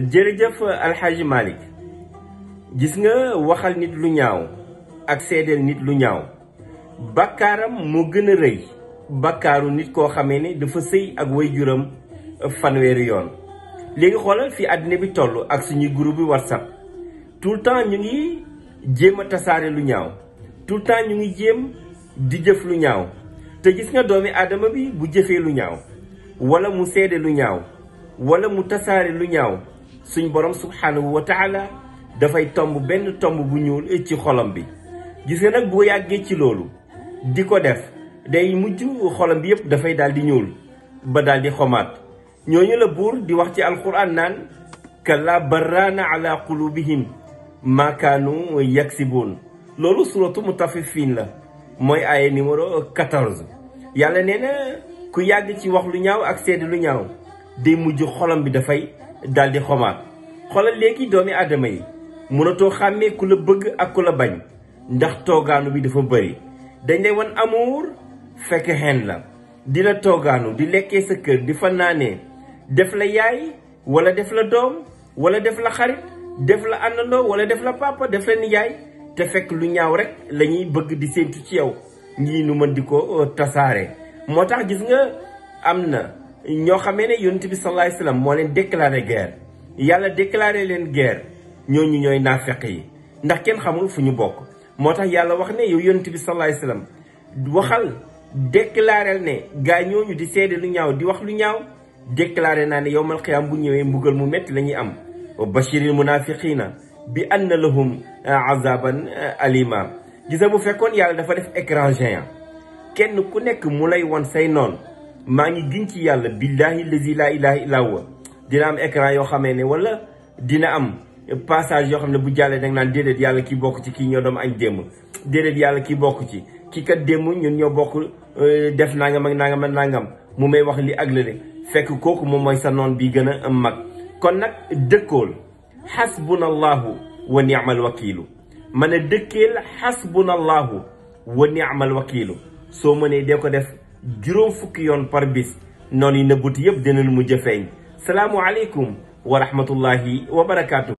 jërëjëf alxaaji Malick gis nga waxal nit lu ñaaw ak seedeel nit lu ñaaw bakkaaram moo gën a rëy bakkaaru nit koo xamee ne dafa sëy ak waajuram fanweeri yoon léegi xoolal fi àddina bi toll ak suñuy groupe bi whatsapp tout le temps ñu ngi jéem a tasaare lu ñaaw tout le temps ñu ngi jéem di jëf lu ñaaw te gis nga doomi aadama bi bu jëfee lu ñaaw walla mu seede lu ñaaw wala mu tasaare lu ñaaw suñ borom subhanahu wa taala dafay tomb benn tomb bu ñuul eh, ci xolam bi gis nag boo yàggee ci loolu di ko def day mujj xolam bi yépp dafay daal di ñuul ba daal di xomaat ñooñu la buur di wax ci alquran naan kalla barraana ala qulubihim ma kaanu yaksibuun loolu suratu mutaffifin la mooy aaye numéro 14 yàlla nee na ku yàgg ci wax lu ñaaw ak seede lu ñaaw day mujj xolam bi dafay daal di xomaat xoolal léegi doomi aadama yi mënatoo xàmmee ku la bëgg ak ku la bañ ndax toogaanu bi dafa bëri dañ lay wan amour fekk xeen la di la toogaanu di lekkee sa kër di fa naanee def la yaay wala def la doom wala def la xarit def la àndandoo wala def la papa def la nijaay te fekk lu ñaaw rek la ñuy bëgg di séentu ci yow ñii nu mën di ko euh, tasaare moo tax gis nga am na ñoo xamee ne yonent bi sallallahu alayhi moo leen déclaré guerre yàlla déclaré leen guerre ñooñu ñooy naafeq yi ndax kenn xamul fu ñu bokk moo tax yàlla wax ne yow yonent bi sallallahu alayhi wasallam waxal déclarel ne gaa ñooñu di seede lu ñaaw di wax lu ñaaw déclaré naa ne yowmal qiyaam bu ñëwee mbugal mu métti la ñuy am bashiril munafiqina bi anna lahum azaban alima gisa bu fekkoon yàlla dafa def écran géant kenn ku nekk mu lay won say noon maa ngi giñ ci yàlla billahi lazi laa ilaha illa huwa dina am écran yoo xamee ne wala dina am passage yoo xam ne bu jàllee danga naan déedéet yàlla kii bokk ci kii ñoo doom añ démb déedéet yàlla kii bokk ci kii kat démb ñun ñoo bokk euh, def nangam ak nangam ak nangam mu may wax li ak la fekk kooku moom mooy sa noon bi gën a am mag kon nag dëkkool xasbunallahu wa niamal wakiilu mën a dëkkeel xasbunallahu wa niamal wakiilu soo mënee dee ko def juróom fukki yoon par bis noonu yi nëbbut yëpp dinañ mu jëfeeñ salaamu aleykum wa rahmatullahi wa barakaatu.